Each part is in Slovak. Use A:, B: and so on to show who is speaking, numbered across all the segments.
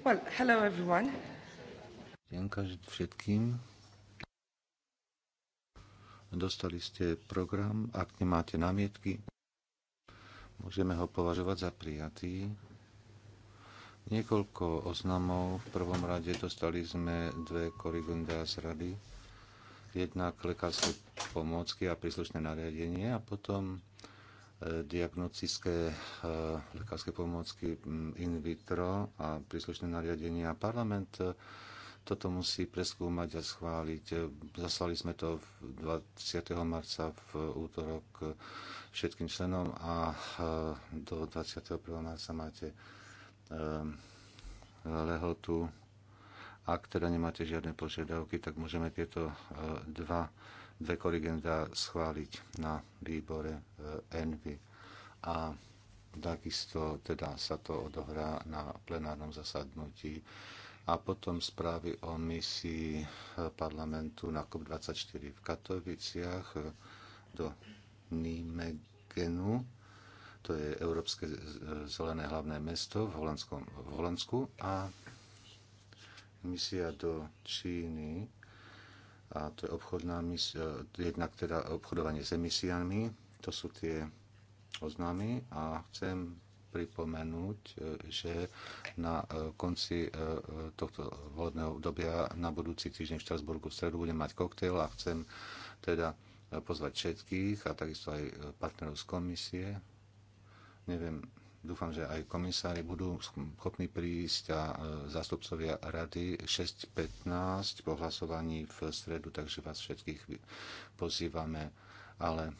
A: Well, hello everyone.
B: všetkým. Dostali ste program. Ak nemáte námietky, môžeme ho považovať za prijatý. Niekoľko oznamov. V prvom rade dostali sme dve korigundá z rady. Jednak lekárske pomôcky a príslušné nariadenie a potom diagnostické e, lekárske pomôcky in vitro a príslušné nariadenia. Parlament e, toto musí preskúmať a schváliť. E, zaslali sme to 20. marca v útorok všetkým členom a do 21. marca máte lehotu. Ak teda nemáte žiadne požiadavky, tak môžeme tieto dva dve korigenda schváliť na výbore Envy. Eh, a takisto teda sa to odohrá na plenárnom zasadnutí a potom správy o misii eh, parlamentu na COP24 v Katoviciach eh, do Nimegenu, to je Európske zelené hlavné mesto v, Holandskom, v Holandsku a misia do Číny a to je obchodná mis- e, jednak teda obchodovanie s emisiami, to sú tie oznámy a chcem pripomenúť, e, že na e, konci tohto volebného obdobia na budúci týždeň v Štrasburgu v stredu budem mať koktejl a chcem teda pozvať všetkých a takisto aj partnerov z komisie. Neviem, Dúfam, že aj komisári budú schopní prísť a e, zástupcovia rady 6.15 po hlasovaní v stredu, takže vás všetkých pozývame, ale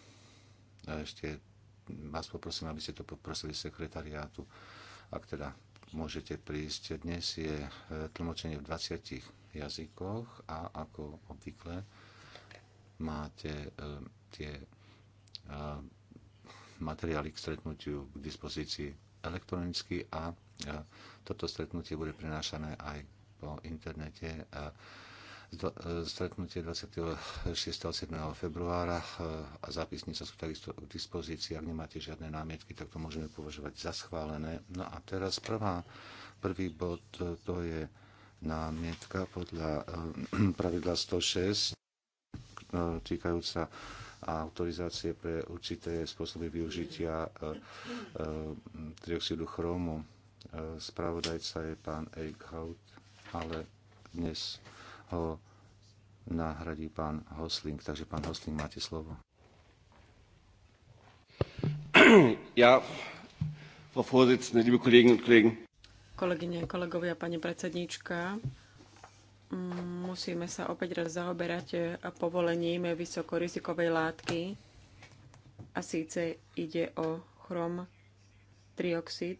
B: e, ešte vás poprosím, aby ste to poprosili sekretariátu, ak teda môžete prísť. Dnes je e, tlmočenie v 20 jazykoch a ako obvykle máte tie materiály k stretnutiu k dispozícii elektronicky a toto stretnutie bude prenášané aj po internete. E, stretnutie 26. 7. februára e, a zápisní sa sú takisto k dispozícii. Ak nemáte žiadne námietky, tak to môžeme považovať za schválené. No a teraz prvá, prvý bod e, to je námietka podľa pravidla 106 týkajúca a autorizácie pre určité spôsoby využitia e, e, trioxidu chromu. E, spravodajca je pán Erik Hout, ale dnes ho nahradí pán Hosling. Takže pán Hosling, máte slovo. Ja, Frau Vorsitzende, liebe Kolleginnen und Kollegen.
C: Kolegyne, kolegovia, pani predsedníčka, musíme sa opäť raz zaoberať e, povolením vysokorizikovej látky. A síce ide o chrom trioxid.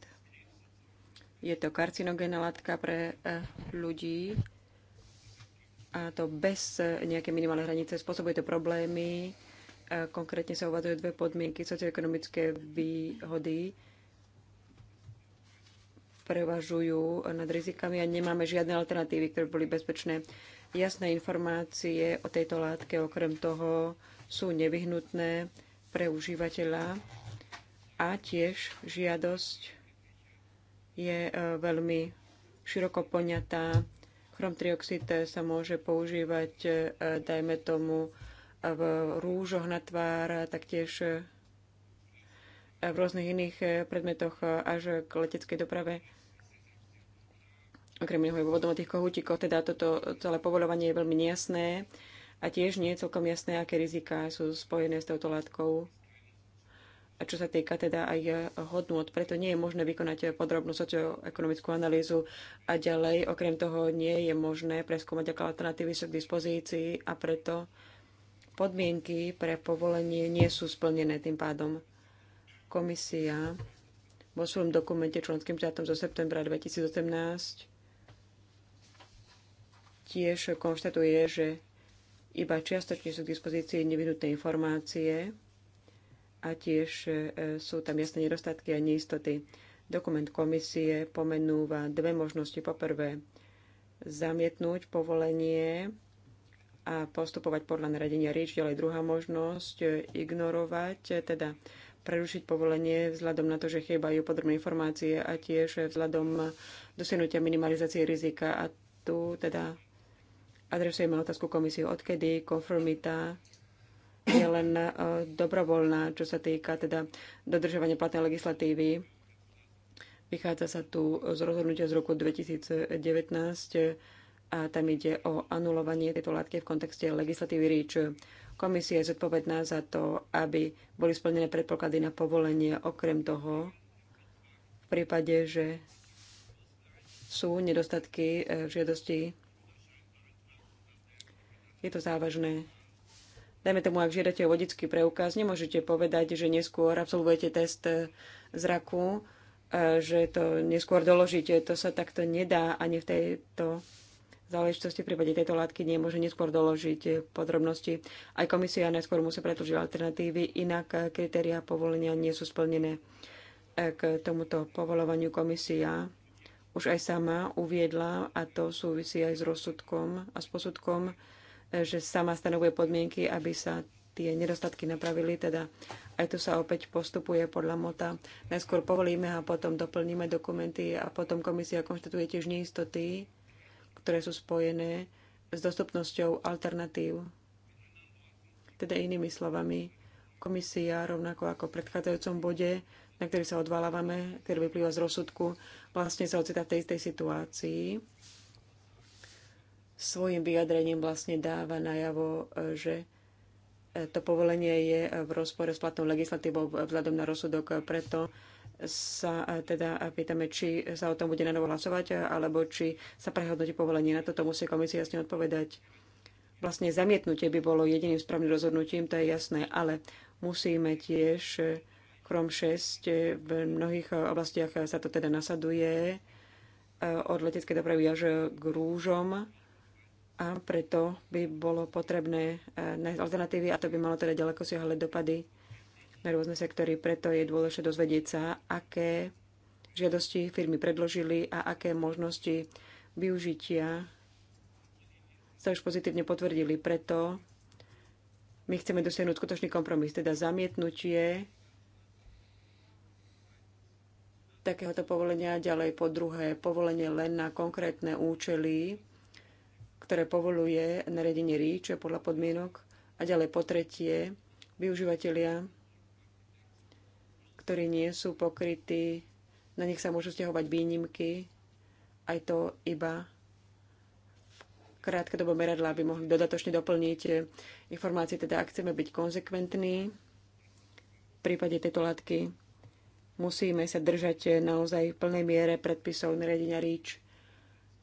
C: Je to karcinogénna látka pre e, ľudí a to bez e, nejaké minimálnej hranice. Spôsobuje to problémy. Konkrétne sa uvádzajú dve podmienky socioekonomické výhody prevažujú nad rizikami a nemáme žiadne alternatívy, ktoré boli bezpečné. Jasné informácie o tejto látke okrem toho sú nevyhnutné pre užívateľa a tiež žiadosť je e, veľmi široko poňatá. Chromtrioxid sa môže používať, e, dajme tomu, v rúžoch na tvár, taktiež e, v rôznych iných predmetoch až k leteckej doprave. Okrem iného je tých kohútikov, teda toto celé povoľovanie je veľmi nejasné a tiež nie je celkom jasné, aké riziká sú spojené s touto látkou. A čo sa týka teda aj hodnot, preto nie je možné vykonať podrobnú socioekonomickú analýzu a ďalej, okrem toho nie je možné preskúmať, aké alternatívy sú k dispozícii a preto podmienky pre povolenie nie sú splnené tým pádom. Komisia vo svojom dokumente členským štátom zo septembra 2018 tiež konštatuje, že iba čiastočne sú k dispozícii nevyhnutné informácie a tiež e, sú tam jasné nedostatky a neistoty. Dokument komisie pomenúva dve možnosti. Poprvé, zamietnúť povolenie a postupovať podľa naradenia ríč, Ďalej druhá možnosť, e, ignorovať, e, teda prerušiť povolenie vzhľadom na to, že chýbajú podrobné informácie a tiež vzhľadom dosiahnutia minimalizácie rizika. A tu teda adresujeme otázku komisiu, odkedy konformita je len e, dobrovoľná, čo sa týka teda dodržovania platnej legislatívy. Vychádza sa tu z rozhodnutia z roku 2019 a tam ide o anulovanie tejto látky v kontexte legislatívy REACH. Komisia je zodpovedná za to, aby boli splnené predpoklady na povolenie. Okrem toho, v prípade, že sú nedostatky e, v žiadosti je to závažné. Dajme tomu, ak žiadate o vodický preukaz, nemôžete povedať, že neskôr absolvujete test eh, zraku, eh, že to neskôr doložíte. To sa takto nedá ani v tejto záležitosti v prípade tejto látky nemôže neskôr doložiť eh, podrobnosti. Aj komisia neskôr musí predložiť alternatívy, inak kritéria povolenia nie sú splnené. K tomuto povolovaniu komisia už aj sama uviedla, a to súvisí aj s rozsudkom a s posudkom, že sama stanovuje podmienky, aby sa tie nedostatky napravili. Teda aj tu sa opäť postupuje podľa mota. Najskôr povolíme a potom doplníme dokumenty a potom komisia konštatuje tiež neistoty, ktoré sú spojené s dostupnosťou alternatív. Teda inými slovami, komisia rovnako ako v predchádzajúcom bode, na ktorý sa odvalávame, ktorý vyplýva z rozsudku, vlastne sa ocitá v tej istej situácii svojim vyjadrením vlastne dáva najavo, e, že e, to povolenie je v rozpore s platnou legislatívou vzhľadom na rozsudok, preto sa e, teda pýtame, či sa o tom bude na novo hlasovať, alebo či sa prehodnotí povolenie. Na toto musí komisia jasne odpovedať. Vlastne zamietnutie by bolo jediným správnym rozhodnutím, to je jasné, ale musíme tiež krom 6 v mnohých oblastiach sa to teda nasaduje od leteckej dopravy až k rúžom a preto by bolo potrebné e, nájsť alternatívy a to by malo teda ďaleko siahle dopady na rôzne sektory. Preto je dôležité dozvedieť sa, aké žiadosti firmy predložili a aké možnosti využitia sa už pozitívne potvrdili. Preto my chceme dosiahnuť skutočný kompromis, teda zamietnutie takéhoto povolenia, ďalej po druhé povolenie len na konkrétne účely ktoré povoluje nariadenie REACH podľa podmienok. A ďalej po tretie, využívateľia, ktorí nie sú pokrytí, na nich sa môžu stiahovať výnimky, aj to iba krátke dobo meradla, aby mohli dodatočne doplniť informácie. Teda ak chceme byť konzekventní v prípade tejto látky, musíme sa držať naozaj v plnej miere predpisov nariadenia REACH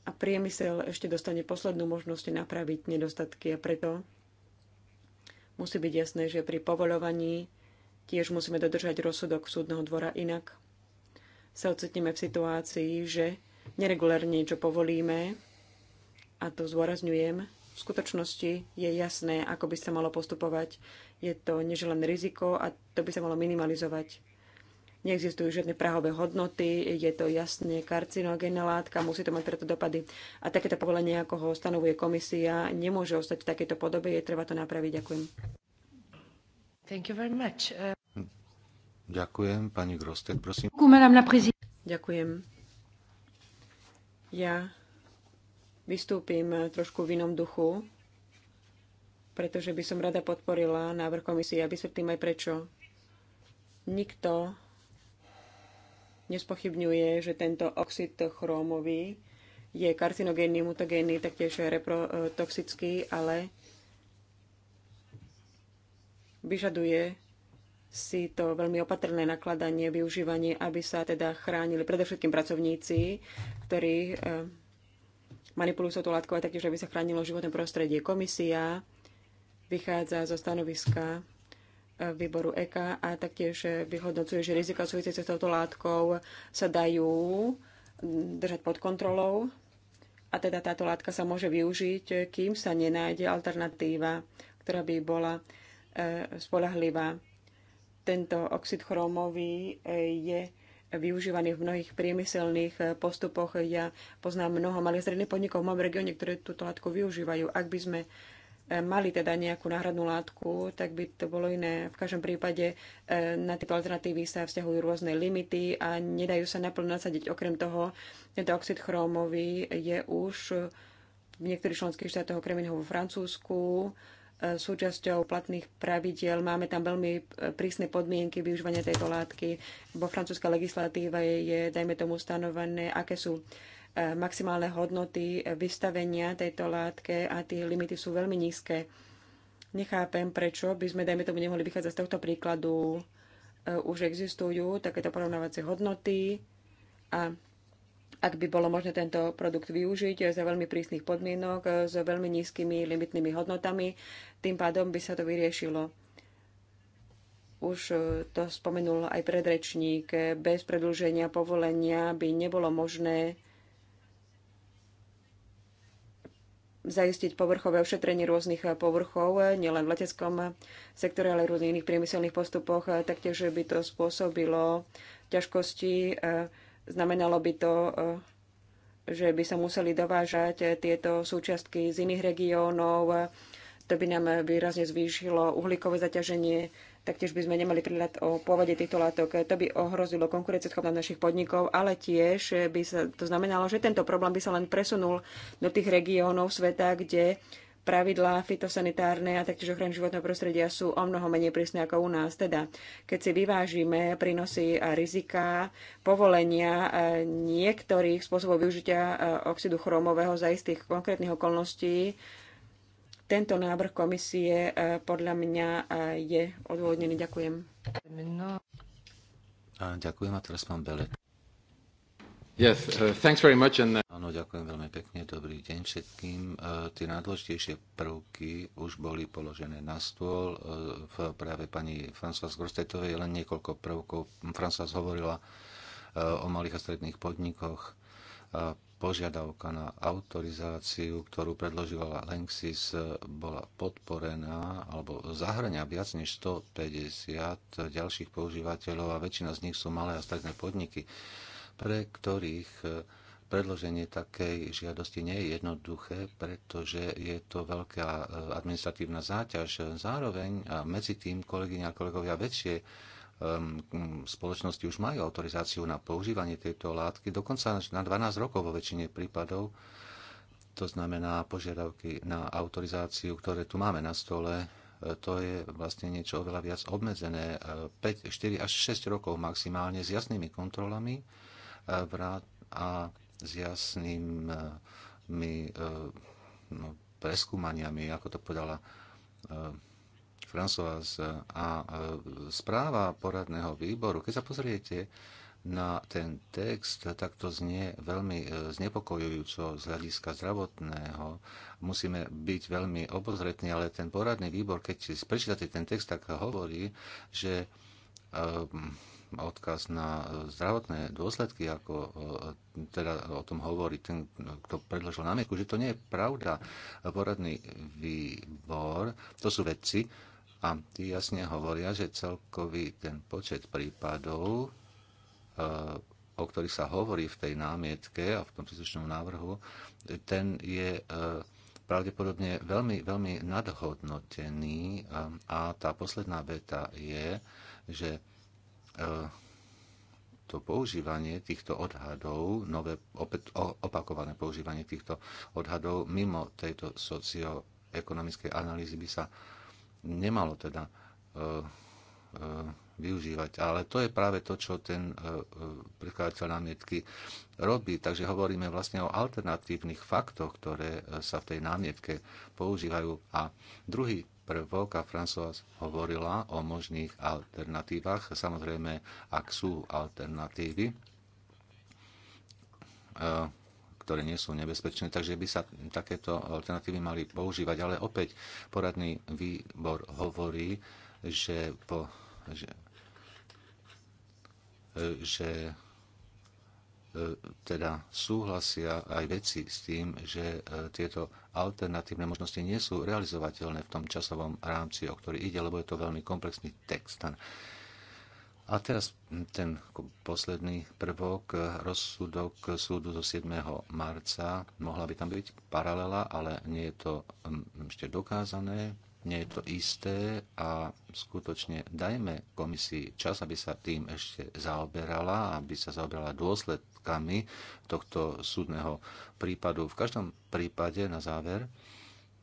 C: a priemysel ešte dostane poslednú možnosť napraviť nedostatky a preto musí byť jasné, že pri povolovaní tiež musíme dodržať rozsudok súdneho dvora inak. Sa ocitneme v situácii, že neregulárne niečo povolíme a to zdôrazňujem. V skutočnosti je jasné, ako by sa malo postupovať. Je to neželené riziko a to by sa malo minimalizovať neexistujú žiadne prahové hodnoty, je to jasne karcinogénna látka, musí to mať preto dopady. A takéto povolenie, ako ho stanovuje komisia, nemôže ostať v takejto podobe, je treba to napraviť. Ďakujem. Thank you very much.
A: Uh...
B: Ďakujem. Pani Grostek, prosím.
C: Ďakujem. Ja vystúpim trošku v inom duchu, pretože by som rada podporila návrh komisie a vysvetlím aj prečo. Nikto nespochybňuje, že tento oxid chrómový je karcinogénny, mutagénny, taktiež reprotoxický, ale vyžaduje si to veľmi opatrné nakladanie, využívanie, aby sa teda chránili predovšetkým pracovníci, ktorí eh, manipulujú sa tú látku a taktiež, aby sa chránilo životné prostredie. Komisia vychádza zo stanoviska výboru EK a taktiež eh, vyhodnocuje, že rizika súvisiace s touto látkou sa dajú mm, držať pod kontrolou a teda táto látka sa môže využiť, eh, kým sa nenájde alternatíva, ktorá by bola eh, spolahlivá. Tento oxid chromový je využívaný v mnohých priemyselných postupoch. Ja poznám mnoho malých stredných podnikov v mojom regióne, ktoré túto látku využívajú. Ak by sme E, mali teda nejakú náhradnú látku, tak by to bolo iné. V každom prípade e, na tieto alternatívy sa vzťahujú rôzne limity a nedajú sa naplno nasadiť. Okrem toho, tento oxid chrómový je už v niektorých členských štátoch, okrem iného vo Francúzsku, e, súčasťou platných pravidiel. Máme tam veľmi prísne podmienky využívania tejto látky. Vo francúzska legislatíva je, je dajme tomu, stanovené, aké sú E, maximálne hodnoty vystavenia tejto látke a tie limity sú veľmi nízke. Nechápem, prečo by sme, dajme tomu, nemohli vychádzať z tohto príkladu. E, už existujú takéto porovnávacie hodnoty a ak by bolo možné tento produkt využiť za veľmi prísnych podmienok, s veľmi nízkymi limitnými hodnotami, tým pádom by sa to vyriešilo. Už e, to spomenul aj predrečník, bez predlženia povolenia by nebolo možné zaistiť povrchové ošetrenie rôznych eh, povrchov, eh, nielen v leteckom eh, sektore, ale aj v rôznych iných priemyselných postupoch. Taktiež by to spôsobilo ťažkosti, znamenalo by to, že by sa museli dovážať tieto súčiastky z iných regiónov, to by nám výrazne zvýšilo uhlíkové zaťaženie Taktiež by sme nemali prihľad o pôvode týchto látok. To by ohrozilo konkurencieschopnosť našich podnikov, ale tiež by sa to znamenalo, že tento problém by sa len presunul do tých regiónov sveta, kde pravidlá fitosanitárne a taktiež ochrany životného prostredia sú o mnoho menej prísne ako u nás. Teda, keď si vyvážime prínosy a rizika, povolenia e, niektorých spôsobov využitia e, oxidu chromového za istých konkrétnych okolností, tento návrh komisie e, podľa mňa e, je odôvodnený. Ďakujem.
B: ďakujem a teraz pán bele. Yes, uh, thanks very much and... Uh, Áno, ďakujem veľmi pekne, dobrý deň všetkým. Uh, tie najdôležitejšie prvky už boli položené na stôl. Uh, v práve pani François Grostetovej len niekoľko prvkov. François hovorila uh, o malých a stredných podnikoch požiadavka na autorizáciu, ktorú predložila Lenxis, bola podporená alebo zahrania viac než 150 ďalších používateľov a väčšina z nich sú malé a stredné podniky, pre ktorých e, predloženie takej žiadosti nie je jednoduché, pretože je to veľká e, administratívna záťaž. Zároveň a medzi tým, kolegyňa a kolegovia, väčšie spoločnosti už majú autorizáciu na používanie tejto látky, dokonca na 12 rokov vo väčšine prípadov. To znamená požiadavky na autorizáciu, ktoré tu máme na stole, e, to je vlastne niečo oveľa viac obmedzené. 5, e, 4 až 6 rokov maximálne s jasnými kontrolami e, a s jasnými no, preskúmaniami, ako to podala François a e, správa poradného výboru, keď sa pozriete na ten text, tak to znie veľmi e, znepokojujúco z hľadiska zdravotného. Musíme byť veľmi obozretní, ale ten poradný výbor, keď si prečítate ten text, tak hovorí, že e, odkaz na zdravotné dôsledky, ako teda o tom hovorí ten, kto predložil námietku, že to nie je pravda. Poradný výbor, to sú vedci, a tí jasne hovoria, že celkový ten počet prípadov, eh, o ktorých sa hovorí v tej námietke a v tom príslušnom návrhu, ten je eh, pravdepodobne veľmi, veľmi nadhodnotený. Eh, a tá posledná veta je, že to používanie týchto odhadov, nové, opäť, opakované používanie týchto odhadov mimo tejto socioekonomickej analýzy by sa nemalo teda e, e, využívať. Ale to je práve to, čo ten e, predkladateľ námietky robí. Takže hovoríme vlastne o alternatívnych faktoch, ktoré sa v tej námietke používajú. A druhý prvok, a François hovorila o možných alternatívach, samozrejme, ak sú alternatívy, ktoré nie sú nebezpečné, takže by sa takéto alternatívy mali používať. Ale opäť poradný výbor hovorí, že, po, že, že e, teda súhlasia aj veci s tým, že e, tieto alternatívne možnosti nie sú realizovateľné v tom časovom rámci, o ktorý ide, lebo je to veľmi komplexný text. A teraz ten posledný prvok, rozsudok súdu zo 7. marca. Mohla by tam byť paralela, ale nie je to mm, ešte dokázané, nie je to isté a skutočne dajme komisii čas, aby sa tým ešte zaoberala, aby sa zaoberala dôsledkami tohto súdneho prípadu. V každom prípade na záver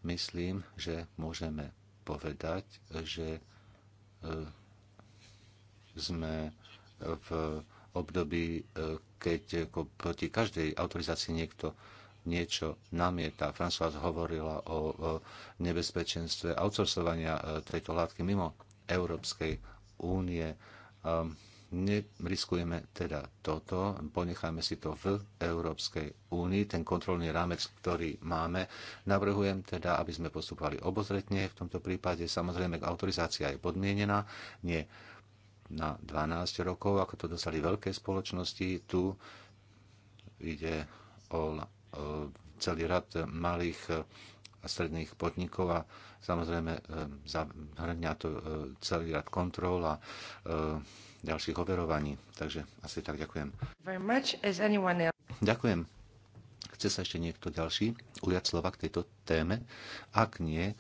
B: myslím, že môžeme povedať, že e, sme v období, e, keď e, proti každej autorizácii niekto niečo namieta. François hovorila o nebezpečenstve outsourcovania e, tejto látky mimo Európskej únie. Neriskujeme teda toto, ponecháme si to v Európskej únii, ten kontrolný rámec, ktorý máme. Navrhujem teda, aby sme postupovali obozretne. V tomto prípade samozrejme autorizácia je podmienená, nie na 12 rokov, ako to dostali veľké spoločnosti. Tu ide o celý rad malých a stredných podnikov a samozrejme e, zahrňa to e, celý rad kontrol a e, ďalších overovaní. Takže asi tak ďakujem. Ďakujem. Chce sa ešte niekto ďalší ujať slova k tejto téme? Ak nie,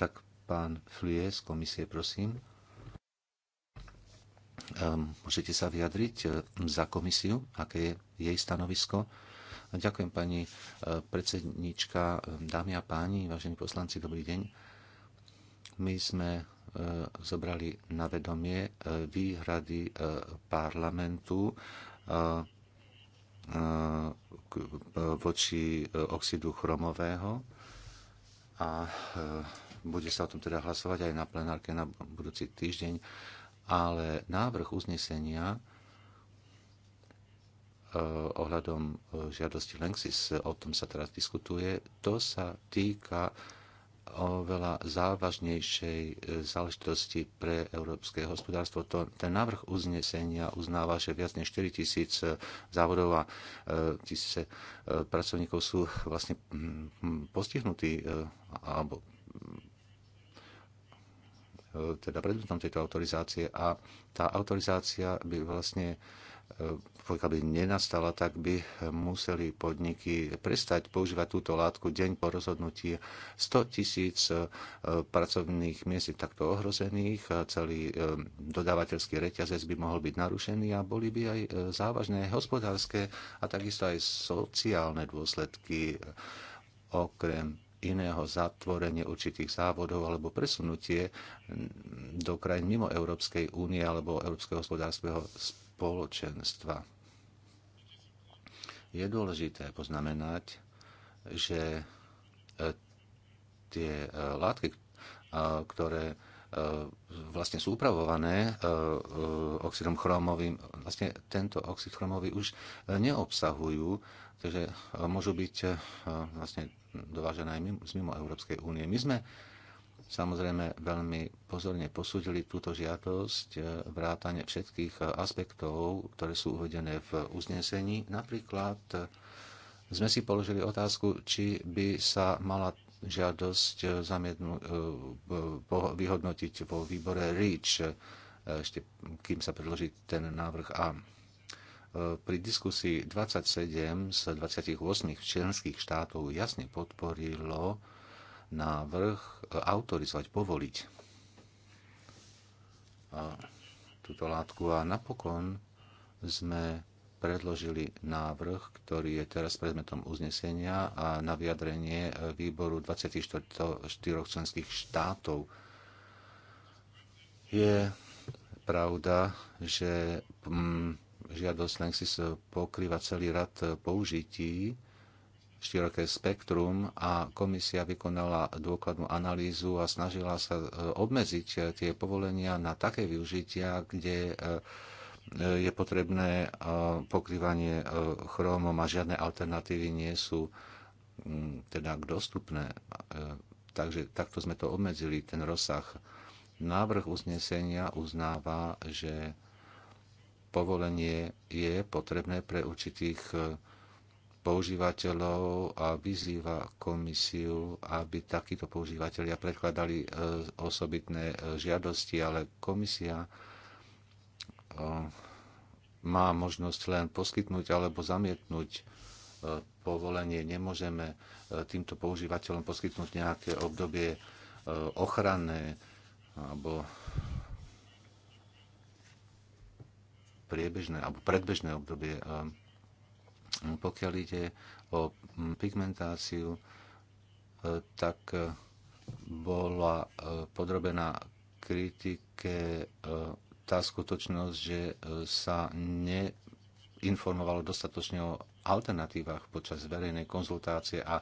B: tak pán Flie z komisie, prosím. Ehm, môžete sa vyjadriť ehm, za komisiu, aké je jej stanovisko? Ďakujem pani e, predsednička, ehm, dámy a páni, vážení poslanci, dobrý deň. My sme e, zobrali na vedomie e, výhrady parlamentu voči oxidu chromového a bude sa o tom teda hlasovať aj na plenárke na budúci týždeň ale návrh uznesenia e, ohľadom e, žiadosti Lenxis, e, o tom sa teraz diskutuje, to sa týka oveľa závažnejšej záležitosti pre európske hospodárstvo. To, ten návrh uznesenia uznáva, že viac než 4 tisíc závodov a tisíce pracovníkov sú vlastne mm, mm, postihnutí alebo mm, E, teda predmetom tejto autorizácie a tá autorizácia by vlastne e, pokiaľ by nenastala, tak by museli podniky prestať používať túto látku deň po rozhodnutí. 100 tisíc e, pracovných miest takto ohrozených, celý dodávateľský reťazec by mohol byť narušený a boli by aj závažné hospodárske a takisto aj sociálne dôsledky okrem iného zatvorenie určitých závodov alebo presunutie do krajín mimo Európskej únie alebo Európskeho hospodárskeho spoločenstva. Je dôležité poznamenať, že e, tie e, látky, e, ktoré E, vlastne sú upravované e, e, oxidom chromovým. Vlastne tento oxid chromový už neobsahujú, takže môžu byť vlastne dovážené aj z mimo Európskej únie. My sme samozrejme veľmi pozorne posúdili túto žiadosť, vrátane všetkých aspektov, ktoré sú uvedené v uznesení. Napríklad sme si položili otázku, či by sa mala žiadosť e, zamiednú, e, vyhodnotiť vo výbore REACH, e, ešte kým sa predloží ten návrh A. Pri diskusii 27 z 28 členských štátov jasne podporilo návrh autorizovať, povoliť túto látku a napokon sme predložili návrh, ktorý je teraz predmetom uznesenia a na vyjadrenie výboru 24 členských štátov. Je pravda, že mm, žiadosť Lenxis pokrýva celý rad použití, široké spektrum a komisia vykonala dôkladnú analýzu a snažila sa e, obmedziť e, tie povolenia na také využitia, kde e, E, je potrebné e, pokrývanie e, chrómom a žiadne alternatívy nie sú mm, teda dostupné. Takže takto sme to obmedzili, ten rozsah. Návrh uznesenia uznáva, že povolenie je potrebné pre určitých používateľov a vyzýva komisiu, aby takíto používateľia predkladali osobitné žiadosti, ale komisia Ehm, má možnosť len poskytnúť alebo zamietnúť e, povolenie. Nemôžeme e, týmto používateľom poskytnúť nejaké obdobie e, ochranné alebo priebežné alebo predbežné obdobie. Ehm, pokiaľ ide o pigmentáciu, tak bola podrobená kritike tá skutočnosť, že e, sa neinformovalo dostatočne o alternatívach počas verejnej konzultácie a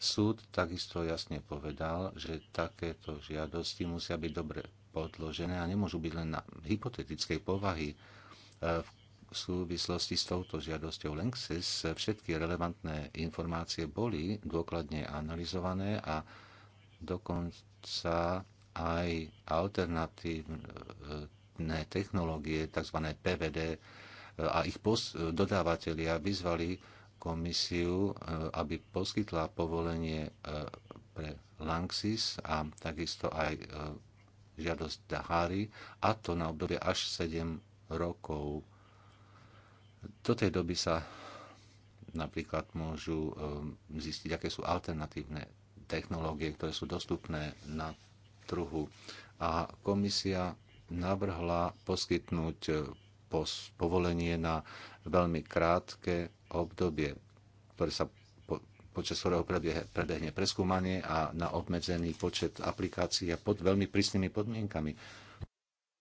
B: súd takisto jasne povedal, že takéto žiadosti musia byť dobre podložené a nemôžu byť len na hypotetickej povahy. E, v súvislosti s touto žiadosťou Lenxis e, všetky relevantné informácie boli dôkladne analyzované a dokonca aj alternatív, inovatívne technológie, tzv. PVD, e, a ich e, dodávateľia vyzvali komisiu, e, aby poskytla povolenie pre Lanxis a takisto aj žiadosť Dahari, a to na obdobie až 7 rokov. Do tej doby sa napríklad môžu zistiť, aké sú alternatívne technológie, ktoré sú dostupné na trhu. A komisia navrhla poskytnúť eh, povolenie na veľmi krátke obdobie, ktoré sa počas ktorého prebehne preskúmanie a na obmedzený počet aplikácií a pod veľmi prísnymi podmienkami.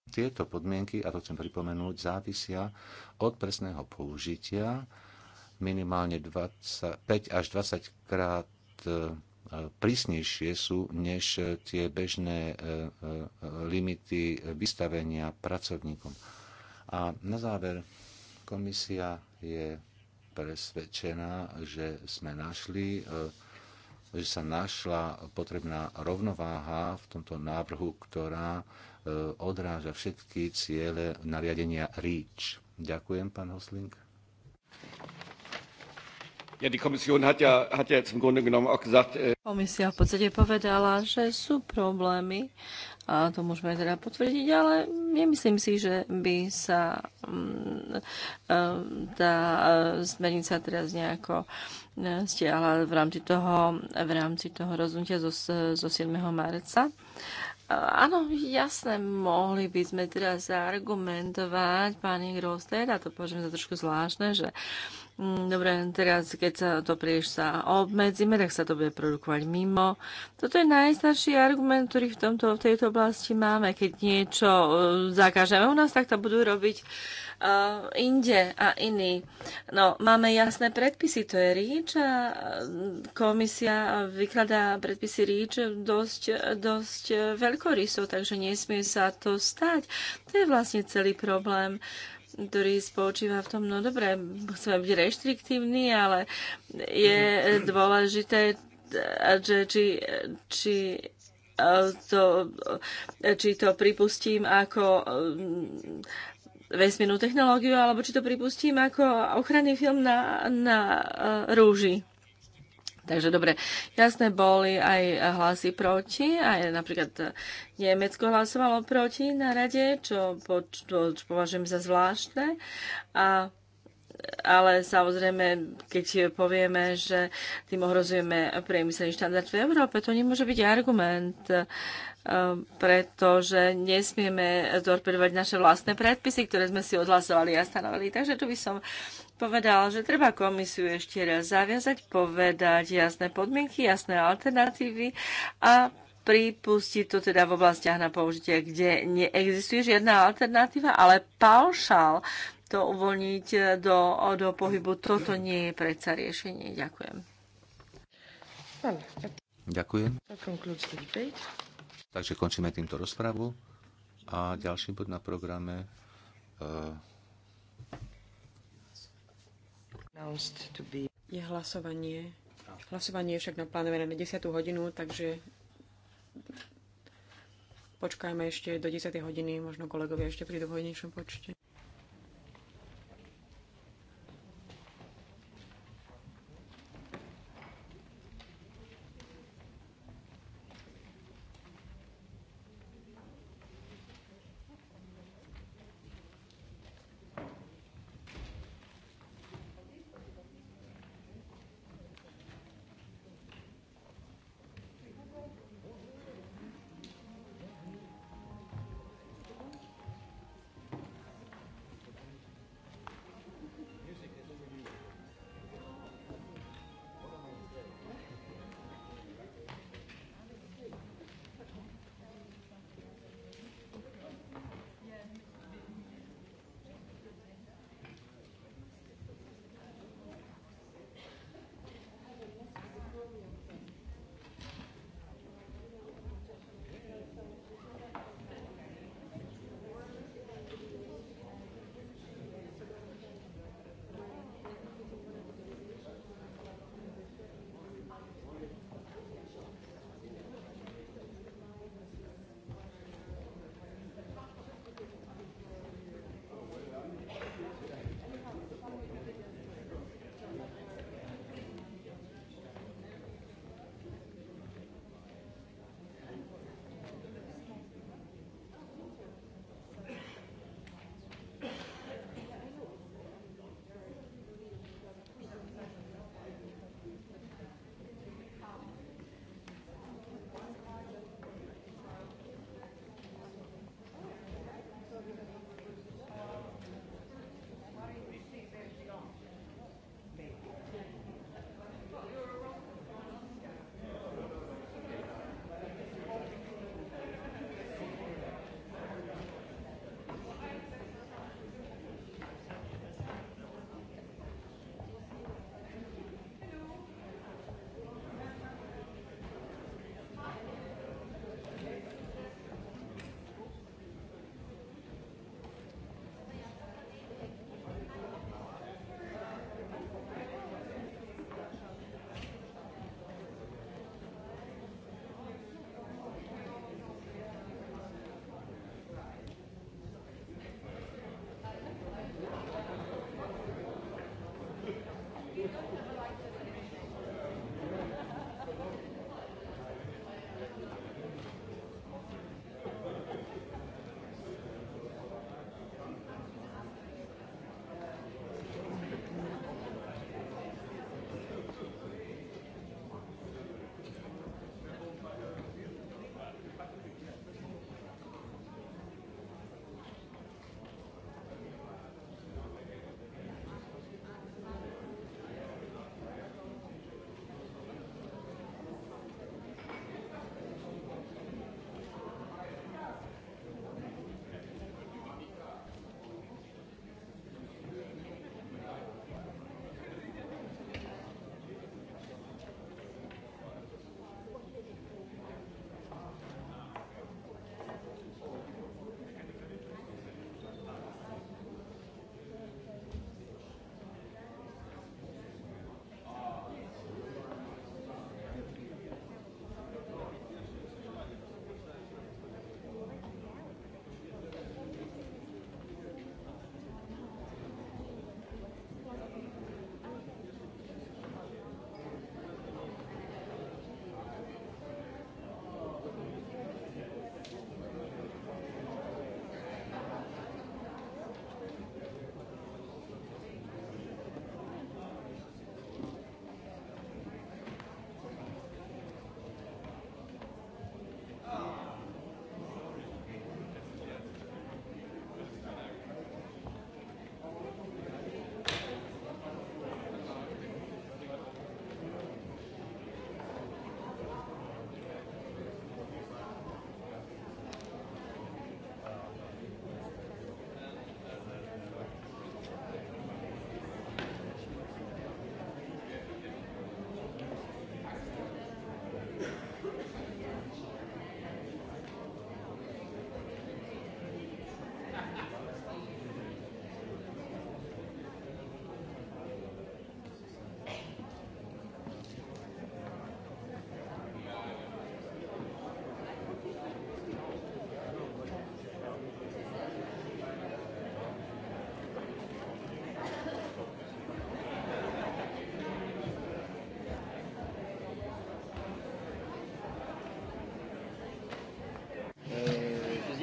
B: Tieto podmienky, a to chcem pripomenúť, závisia od presného použitia minimálne 5 až 20 krát eh, prísnejšie sú než eh, tie bežné eh, eh, limity vystavenia pracovníkom. A na záver, komisia je presvedčená, že sme našli, že sa našla potrebná rovnováha v tomto návrhu, ktorá odráža všetky ciele nariadenia REACH. Ďakujem, pán Hoslink.
A: Ja, die Kommission hat ja, hat ja jetzt im Grunde genommen auch gesagt... Äh... Komisia v podstate povedala, že sú problémy, a to môžeme teda potvrdiť, ale nemyslím si, že by sa um, tá e, smernica teraz nejako e, stiahla v rámci toho, v rámci toho rozhodnutia zo, zo 7. marca. Áno, jasné, mohli by sme teraz argumentovať, pani Grosted, a to považujem za trošku zvláštne, že Mm, dobre, teraz keď sa to prieš sa obmedzíme, tak sa to bude produkovať mimo. Toto je najstarší argument, ktorý v, tomto, v tejto oblasti máme. Keď niečo e, zakážeme u nás, tak to budú robiť uh, inde a iní. No, máme jasné predpisy, to je REACH a e, komisia vykladá predpisy REACH dosť, dosť veľkoryso, takže nesmie sa to stať. To je vlastne celý problém. Uh, ktorý spočíva v tom, no dobre, musíme byť reštriktívni, ale je dôležité, že či, či e, to, e, či to pripustím ako e, vesmírnu technológiu, alebo či to pripustím ako ochranný film na, na rúži. Takže dobre, jasné boli aj hlasy proti, aj napríklad Nemecko hlasovalo proti na rade, čo, po, čo, čo považujem za zvláštne. A ale samozrejme, keď povieme, že tým ohrozujeme priemyselný štandard v Európe, to nemôže byť argument, eh, pretože nesmieme torpedovať naše vlastné predpisy, ktoré sme si odhlasovali a stanovali. Takže tu by som povedal, že treba komisiu ešte raz zaviazať, povedať jasné podmienky, jasné alternatívy a pripustiť to teda v oblastiach na použitie, kde neexistuje žiadna alternatíva, ale paušal to uvoľniť do, do pohybu, toto nie je predsa riešenie. Ďakujem.
B: Ďakujem. Takže končíme týmto rozpravu a ďalší bod na programe uh,
C: je hlasovanie. Hlasovanie je však naplánované na 10. hodinu, takže počkajme ešte do 10. hodiny, možno kolegovia ešte prídu v hodinejšom počte.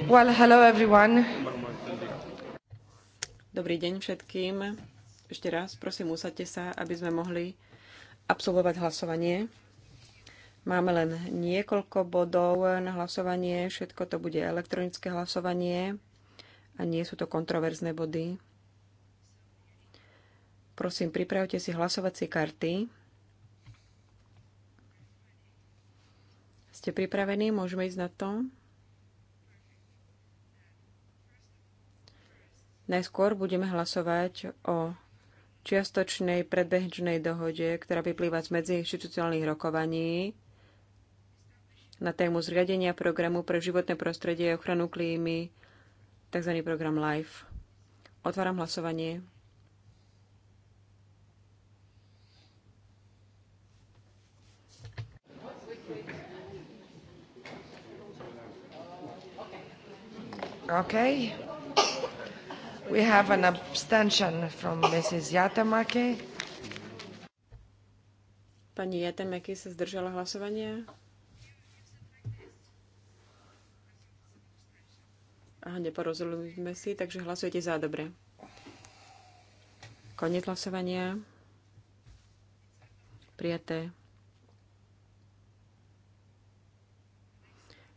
C: Well, hello everyone. Dobrý deň všetkým. Ešte raz, prosím, usadte sa, aby sme mohli absolvovať hlasovanie. Máme len niekoľko bodov na hlasovanie, všetko to bude elektronické hlasovanie a nie sú to kontroverzné body. Prosím, pripravte si hlasovacie karty. Ste pripravení? Môžeme ísť na to? Najskôr budeme hlasovať o čiastočnej predbežnej dohode, ktorá vyplýva z medziinstitucionálnych rokovaní na tému zriadenia programu pre životné prostredie a ochranu klímy, tzv. program LIFE. Otváram hlasovanie.
A: Okay. We have an abstention from Mrs.
C: Yatamaki. Pani Yatamaki sa zdržala hlasovania. Aha, neporozumíme si, takže hlasujete za dobre. Koniec hlasovania. Prijaté.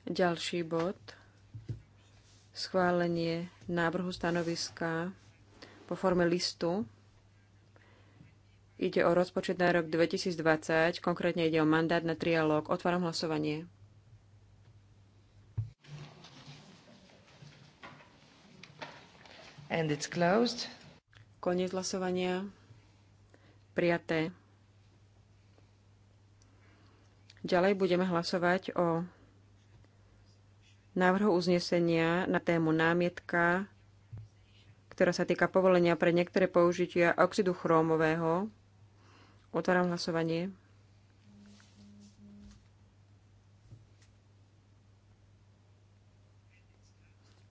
C: Ďalší bod. Schválenie návrhu stanoviska po forme listu. Ide o rozpočet na rok 2020, konkrétne ide o mandát na trialóg. Otváram hlasovanie. And it's closed. Koniec hlasovania. Prijaté. Ďalej budeme hlasovať o návrhu uznesenia na tému námietka, ktorá sa týka povolenia pre niektoré použitia oxidu chrómového. Otváram hlasovanie.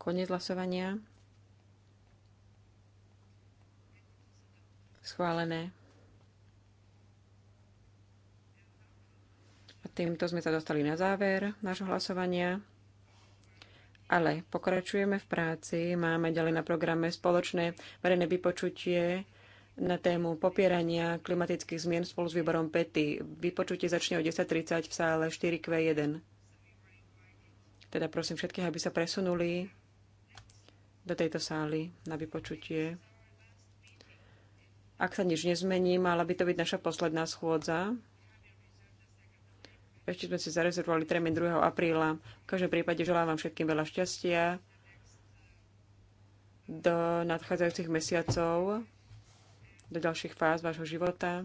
C: Koniec hlasovania. Schválené. A týmto sme sa dostali na záver nášho hlasovania. Ale pokračujeme v práci, máme ďalej na programe spoločné verejné vypočutie na tému popierania klimatických zmien spolu s výborom pety. Vypočutie začne o 10.30 v sále 4Q1. Teda prosím všetkých, aby sa presunuli do tejto sály na vypočutie. Ak sa nič nezmení, mala by to byť naša posledná schôdza ešte sme si zarezervovali termín 2. apríla. V každom prípade želám vám všetkým veľa šťastia do nadchádzajúcich mesiacov, do ďalších fáz vášho života.